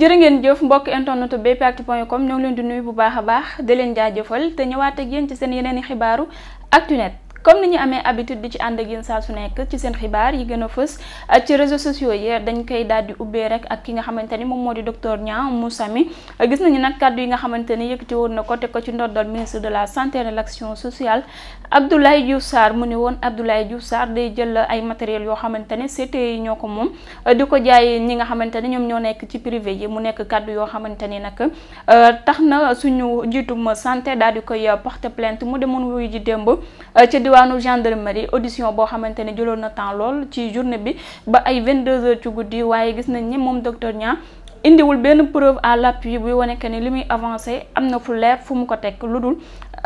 jërë ngeen jëf mbokk internet bpactu point comme ñoo ngi leen di nuyu bu baax a baax di leen jaajëfal te ñëwaat ak yéen ci seen yeneen i xibaaru Actunet comme ni ñu amee habitude di ci ànd a yéen saa su nekk ci seen xibaar yi gën a fës euh, ci réseaux sociaux yi dañ koy daal di ubbee rek ak ki nga xamante ni moom moo di docteur Niang Moussa mi euh, gis nañu nag kàddu yi nga xamante ni yëkkati woon na ko te ko ci ndoddal ministre de la santé et de l'action sociale Abdoulaye Diouf mu ne woon Abdoulaye Diouf Sarr day jël ay matériel yoo xamante ne CTI yi ñoo ko moom euh, di ko jaay ñi nga xamante ne ñoom ñoo nekk ci privé yi mu nekk kàddu yoo xamante ni nag tax na suñu njiitum santé daal di koy porter plainte mu demoon wuyu ji démb diwaanu gendarmerie audition boo xamante ne jëloon na temps lool ci journée bi ba ay 22 heures ci guddi waaye gis nañ ne moom docteur Niang indiwul benn preuve à l'appui buy wane que ni li muy avancé am na fu leer fu mu ko teg lu dul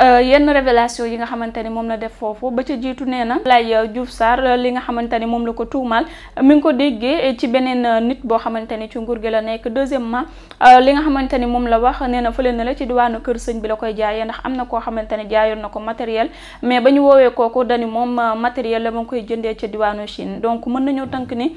euh, yenn révélation yi nga xamante ni moom la def foofu ba ca jiitu nee na Abdoulaye Diouf Sarr euh, li nga xamante ni moom la ko tuumaal euh, mi nga ko déggee ci beneen nit boo xamante ni ci nguur gi la nekk deuxièmement li nga xamante ni moom la wax nee na fële na la ci diwaanu kër sëñ bi la koy jaayee ndax am na koo xamante ne jaayoon na ko matériel mais ba ñu woowee kooku dani moom matériel la ma ngi koy jëndee ci diwaanu Chine donc mën nañoo tënk ni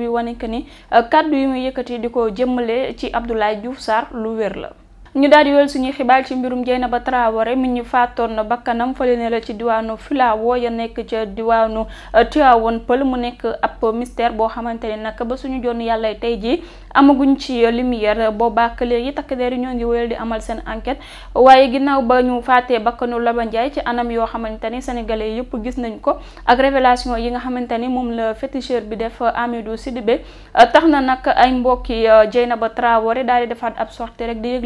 bi wane que ni euh, kàddu yi mu yëkkati di ko jëmmale ci Abdoulaye Diouf Sarr lu wér la. ñu daal di wël suñuy xibaar ci mbirum Dieynaba Traoré mu ñu faatoon bakkanam fële ne la ci diwaanu Filaawo ya nekk ca diwaanu eh, Tivaouane Peulh mu nekk ab mystère boo xamante ne nag ba suñu joon yàlla tey jii amaguñ ci lumière boobaak léegi takk der yi ñoo ngi wéyal di amal seen enquête waaye ginnaaw ba ñu faatee bakkanu Laba Ndiaye ci anam yoo xamante ni sénégalais yëpp gis nañ ko ak révélation yi nga xamante ni moom la féticheur bi def amido Sidibé eh, tax na nag ay mbokki eh, Dieynaba Traoré daal di defaat ab sortie rek di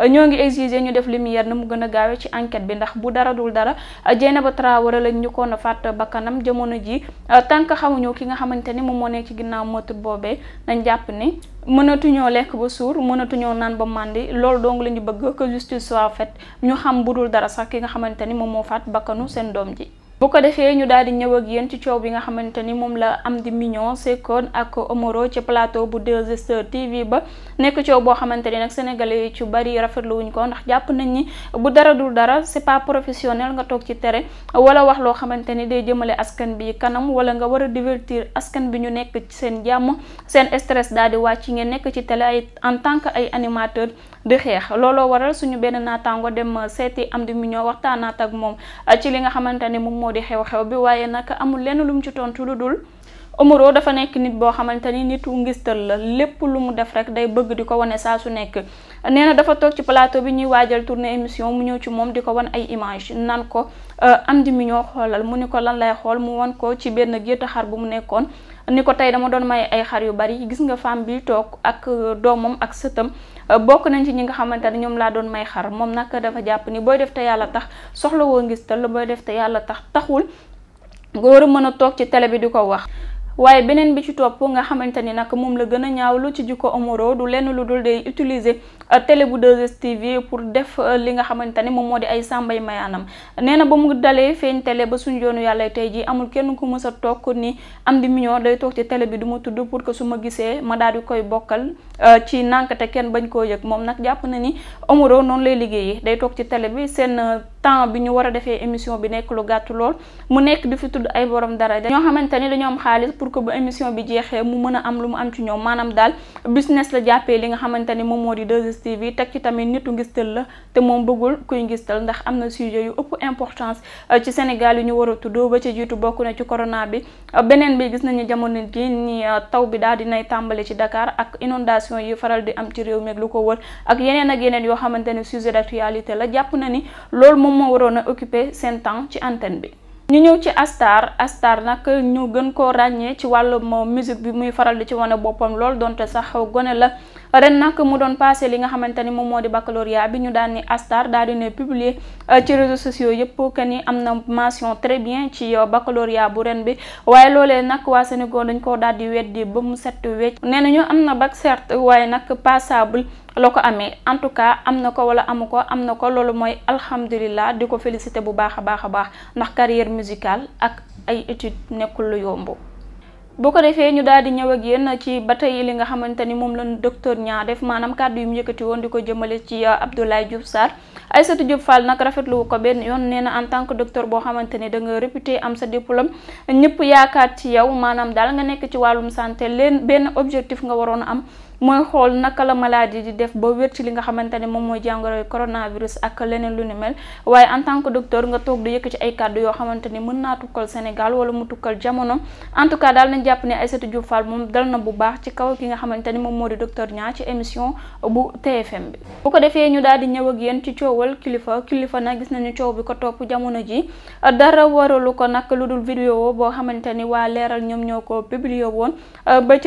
Euh, ñoo ngi exiger ñu def lumière na mu gën a gaawe ci enquête bi ndax bu dara dul dara euh, Dieynaba Traoré lañ ñu koon a fàtt bakkanam jamono ji euh, tànk xamuñu ki nga xamante ni moom moo nekk ci ginnaaw motul boobee nañ jàpp ni mënatuñoo lekk ba suur mënatuñoo naan ba màndi loolu dong la ñu bëgg que justice soit faite ñu xam bu dul dara sax ki nga xamante ni moom moo faat bakkanu seen doom ji bu ko defee ñu daal di ñëw ak yéen ci coow bi nga xamante ni moom la Amdy Mignon sekkoon ak Omoro ci plateau bu 2STV ba nekk coow boo xamante ni nag sénégalais yi ci bari rafetlu wuñ ko ndax jàpp nañ ni bu dara dara c'est pas professionnel nga toog ci tere wala wax loo xamante ni day jëmale askan bi kanam wala nga war a divertir askan bi ñu nekk ci seen jàmm seen stress daal di wàcc ngeen nekk ci télé ay en tant que ay animateur di xeex looloo waral suñu benn naataango dem seeti Amdy Mignon waxtaanaat ak moom ci li nga xamante di xew-xew bi waaye nag amul lenn lu mu ci tontu lu dul Omaro dafa nekk nit boo xamante ni nit wu ngistal la lépp lu mu def rek day bëgg di ko wane saa su nekk nee na dafa toog ci plateau bi ñuy waajal tournée émission mu ñëw ci moom di ko wan ay image nan ko euh, am di mi ñoo xoolal mu ni ko lan lay xool mu wan ko ci benn gétt xar bu mu nekkoon ni ko tey dama doon may ay xar yu bari gis nga femme bi toog ak euh, doomam ak sëtam Euh, bokk nañ ci ñi nga xamante ne ñoom laa doon may xar moom nag dafa jàpp ni booy def te yàlla tax soxla woo ngis tal booy def te yàlla tax taxul nga war a mën a toog ci télé bi di ko wax waaye beneen bi ci topp nga xamante ni nag moom la gën a ñaaw lu ci jikko Omaro du lenn lu dul dee utiliser euh, télé bu 2STV pour def euh, li nga xamante ni moom moo di ay sàmbay mayaanam nee na ba mu dalee feeñ tele ba suñu yoonu yàlla tey jii amul kenn ku mës a toog ni am di million day toog ci tele bi du ma tudd pour que su ma gisee ma daal di koy bokkal euh, ci nànk kenn bañ koo yëg moom nag jàpp na ni Omaro noonu lay liggéeyee day toog ci tele bi seen. temps bi ñu war a defee émission bi nekk lu gàtt lool mu nekk di fi tudd ay borom dara ñoo xamante ni dañoo am xaalis pour que bu émission bi jeexee mu mën a am lu mu am ci ñoom maanaam daal business la jàppee li nga xamante ni moom moo di 2STV teg ki tamit nitu ngistal la te moom bëggul kuy ngistal ndax am na sujet yu ëpp importance euh, ci Sénégal yu ñu war a tuddoo ba ci jiitu bokk na ci corona bi euh, beneen bi gis nañu jamono gi ni euh, taw bi daal dinay tàmbali ci dakaar ak inondation yi faral di am ci réew mi lu ko wër ak yeneen ak yeneen yoo xamante ni sujet d'actualité la jàpp na moom moo waroon a occuper seen ci antenne bi. ñu ñëw ci Astar Astar nag ñu gën koo ràññee ci wàll wàllum musique bi muy faral di ci wane boppam lool donte sax gone la. ren nag mu doon passé li nga xamante ni moom moo di baccalauréat bi ñu daan ni Astar daal di ne publier euh, ci réseaux sociaux yëpp que ni am na mention très bien ci euh, baccalauréat bu ren bi waaye loolee nag waa Sénégal dañ koo daal di weddi ba mu set wecc nee ñu am na bac certes waaye nag passable la ko amee en tout cas am na ko wala amu ko am na ko loolu mooy alhamdulilah di ko félicité bu baax a baax a baax ndax carrière musicale ak ay études nekkul lu yomb boo ko defee ñu daal di ñëw ak yéen ci ba tey li nga xamante ni moom lañu docteur ñaa def maanaam kàddu yu mu yëkkati woon di ko jëmale ci euh, Abdoulaye Diouf ay Aïssatou Diop faal nag rafetlu ko benn yoon nee na en tant que docteur boo xamante ni da réputé am sa diplôme ñëpp yaakaar ci yow maanaam daal nga nekk ci wàllum santé leen benn objectif nga waroon am mooy xool naka la maladie di def ba wér li nga xamante moom mooy jàngoro coronavirus ak leneen lu ni mel waaye en tant que docteur nga toog di yëkk ci ay kàddu yoo xamante ni mën naa tukkal Sénégal wala mu tukkal jamono en tout cas daal nañ jàpp ne Aïssatou Diop Fall moom dal na bu baax ci kaw ki nga xamante ni moom moo di docteur Niang ci émission bu TFM bi bu ko defee ñu daal di ñëw ak yéen ci coowal kilifa kilifa nag gis nañu coow bi ko topp jamono ji dara waralu ko nag lu dul vidéo boo xamante ni waa leeral ñoom ñoo ko publié woon ba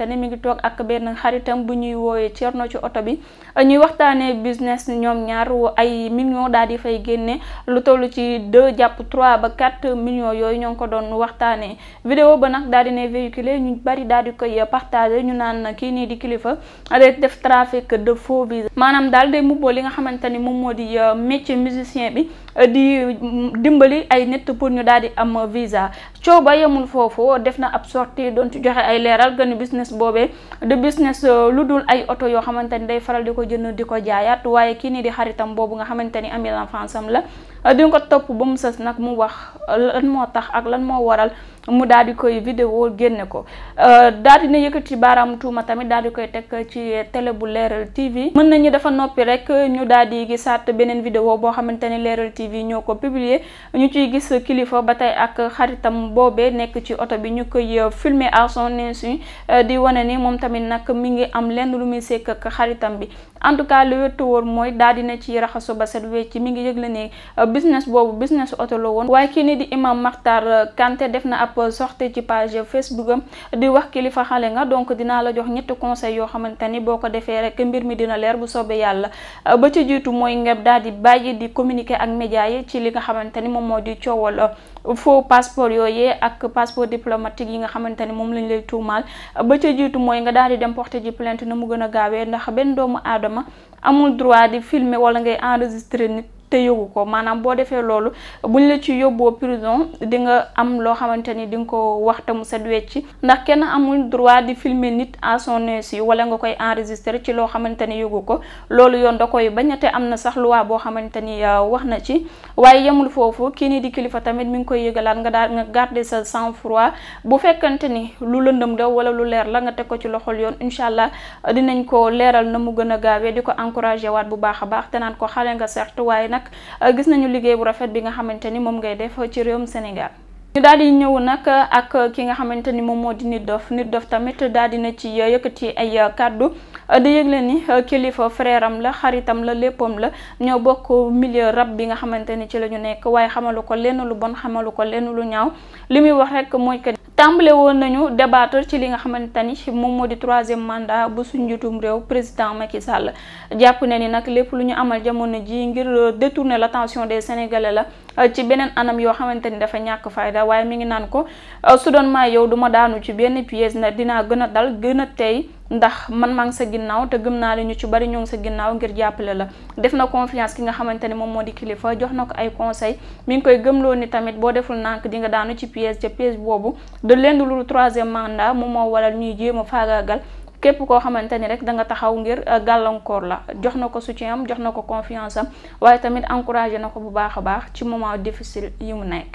xamante ne mi ngi toog ak benn xaritam bu ñuy woowee Cerno ci oto bi ñuy waxtaanee business ñoom ñaar ay millions daal di fay génne lu toll ci deux jàpp trois ba quatre million yooyu ñoo ngi ko doon waxtaanee vidéo ba nag daal di ne véhiculé ñu bari daal di koy partagé ñu naan kii nii di kilifa day def trafic de foo bi maanaam daal day mubboo li nga xamante ni moom moo di euh, métier musicien bi euh, di mm, dimbali ay nit pour ñu daal di am visa cooba ba yemul foofu def na ab sort doon ci joxe ay leeral gën business boobee du business euh, lu dul ay oto yoo xamante ni day faral di ko jënd di ko jaayaat waaye kii nii di xaritam boobu nga xamante ni ami l'enfance am la Euh, di nga ko topp ba mu sës nag mu wax euh, lan moo tax ak lan moo waral mu daal di koy vidéo génne ko euh, daal dina yëkkati baaraamu tuuma tamit daal di koy teg ci télé bu leeral TV mën nañu dafa noppi rek ñu daal di gisaat beneen vidéo boo xamante ni leeral TV ñoo ko publier ñu ciy gis kilifa ba tey ak xaritam boobee nekk ci oto bi ñu koy filmer à son insu di wane ni moom tamit nag mi ngi am lenn lu muy sekk ak xaritam bi en tout cas li wér te wóor mooy daal dina ci raxasu ba set wecc mi ngi yëgle ne euh, business boobu business oto la woon waaye kii ni di imam Makhtar euh, Kanté def na ab euh, sortie ci page Facebook am di wax kilifa xale nga donc dinaa la jox ñetti conseil yoo xamante ni boo ko defee rek mbir mi dina leer bu soobee yàlla ba ci jiitu mooy nga daal di bàyyi di communiquer ak média yi ci li nga xamante ni moom moo di coowal faux passeport yooyee ak passeport diplomatique yi nga xamante ni moom lañ lay tuumaal ba ca jiitu mooy nga daal di dem porter ji plainte na mu gën a gaawee ndax benn doomu aadama ma amul droit di filmer wala ngay enregistrer nit te yóbbu ko maanaam boo defee loolu bu buñ la ci yóbboo prison di nga am loo xamante ni di nga ko waxta mu set wecc ndax kenn amuñ droit di filmer nit à son insu wala nga koy enregistrer ci loo xamante ni yóbbu ko loolu yoon da koy bañ te am na sax loi boo xamante ni euh, wax na ci waaye yemul foofu kii nii di kilifa tamit mi ngi koy yëgalaat nga daal nga garder sa sang froid bu fekkante ni lu lëndëm la wala lu leer la nga teg ko ci loxol yoon incha allah dinañ ko leeral na mu gën a gaawee di ko encourager waat bu baax a baax te naan ko xale nga certes waaye nag nag euh, gis nañu liggéey bu rafet bi nga xamante ni moom ngay def ci réewum Sénégal. ñu daal di ñëw nag ak ki nga xamante ni moom moo di nit dof nit dof tamit daal na ci yëkkati ay kàddu di yëgle ni kilifa freeram la xaritam la léppam la ñëw bokk milieu rab bi nga xamante ni ci la ñu nekk waaye xamalu ko lenn lu bon xamalu ko lenn lu ñaaw li muy wax rek mooy que tàmbale woon nañu débattre ci li nga xamante ni moom moo di troisième mandat bu suñu njiitum réew président Macky Sall jàpp na ni nag lépp lu ñu amal jamono ji ngir détourner latention de Sénégalais la Euh, ci beneen anam yoo xamante ni dafa ñàkk fayda waaye mi ngi naan ko euh, su doon maa yow du ma daanu ci benn pièce na dinaa gën a dal gën a tey ndax man maa sa ginnaaw te gëm naa la ñu ci bari ñoo ngi sa ginnaaw ngir jàppale la def na confiance ki nga xamante ne moom moo di kilifa jox na ko ay conseil mi ngi koy gëmloo ni tamit boo deful nànk di nga daanu ci pièce ca pièce boobu de lendu lulu troisième mandat moom moo waral ñuy jéem a faagaagal képp koo xamante ni rek da nga taxaw ngir euh, gàllankoor la jox na ko soutien jox na ko confiance am waaye tamit encouragé na ko bu baax a baax ci moment difficile yi mu nekk.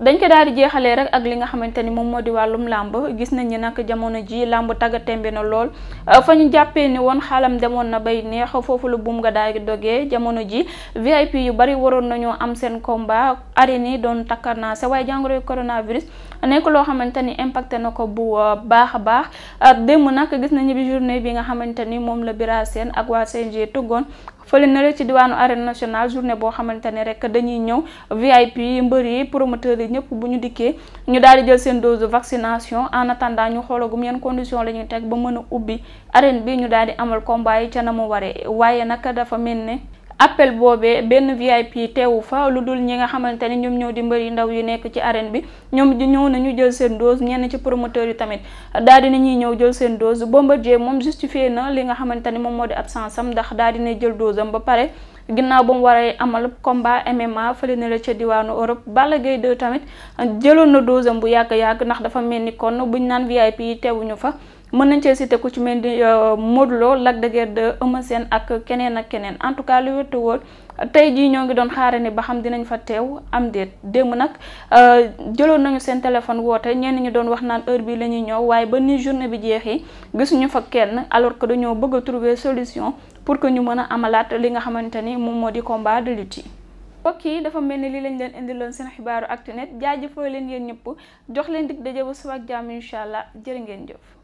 dañ ko daal di jeexalee rek ak li nga xamante ni moom moo di wàllum làmb gis nañ ni nag jamono ji làmb tagga tembe na lool euh, fa ñu jàppee ni woon xaalam demoon na bay neex foofu la buum nga daal di dogee jamono ji VIP yu bari waroon nañoo am seen combat arène yi doon takkarnaase waaye jàngoro coronavirus nekk loo xamante ni impacté na ko bu euh, baax a baax euh, démb nag gis nañu bi journée bi nga xamante ni moom la Bira Sène ak waa CNG tuggoon fële na la ci diwaanu arène journée boo xamante ne rek dañuy ñëw VIP yi mbër yi promoteurs yi ñëpp bu ñu dikkee ñu daal di jël seen dose de vaccination en attendant ñu xoolagum yan condition la ñuy teg ba mën a ubbi arène bi ñu daal di amal combat ca na mu waree waaye nag dafa mel ne appel boobee benn VIP teewu fa lu dul ñi nga xamante ni ñoom ñoo di mbëri ndaw yi nekk ci arène bi ñoom ñëw nañu jël seen dose ñenn ci promoteur yi tamit daal dina ñuy ñëw jël seen dose Bombardier moom justifié na li nga xamante ni moom moo di absence am ndax daal dina jël doosam ba pare ginnaaw ba mu waree amal combat MMA fële na la ca diwaanu Europe Balla Gaye 2 tamit jëloon na dose am bu yàgg-yàgg ndax dafa mel ni kon buñ naan VIP yi teewuñu fa mën nañ cee cité ku ci mel ni euh, Modou Lo Lac de Guiers 2 Eumeu Sène ak keneen ak keneen en tout cas lu wéttu woon tey jii ñoo ngi doon xaare ni ba xam dinañ fa teew am déet démb nag euh, jëloon nañu seen téléphone woote ñenn ñi doon wax naan heure bi la ñuy ñëw waaye ba ni journée bi jeexee gisuñu fa kenn alors que dañoo bëgg a trouver solution pour que ñu mën a amalaat li nga xamante ni moom moo di combat de lutte mbokk yi dafa mel ni li lañ leen indiloon seen xibaaru Actunet jaajëfal leen yéen ñëpp jox leen dig daje ba suba ak jàmm incha allah jërë ngeen jëf.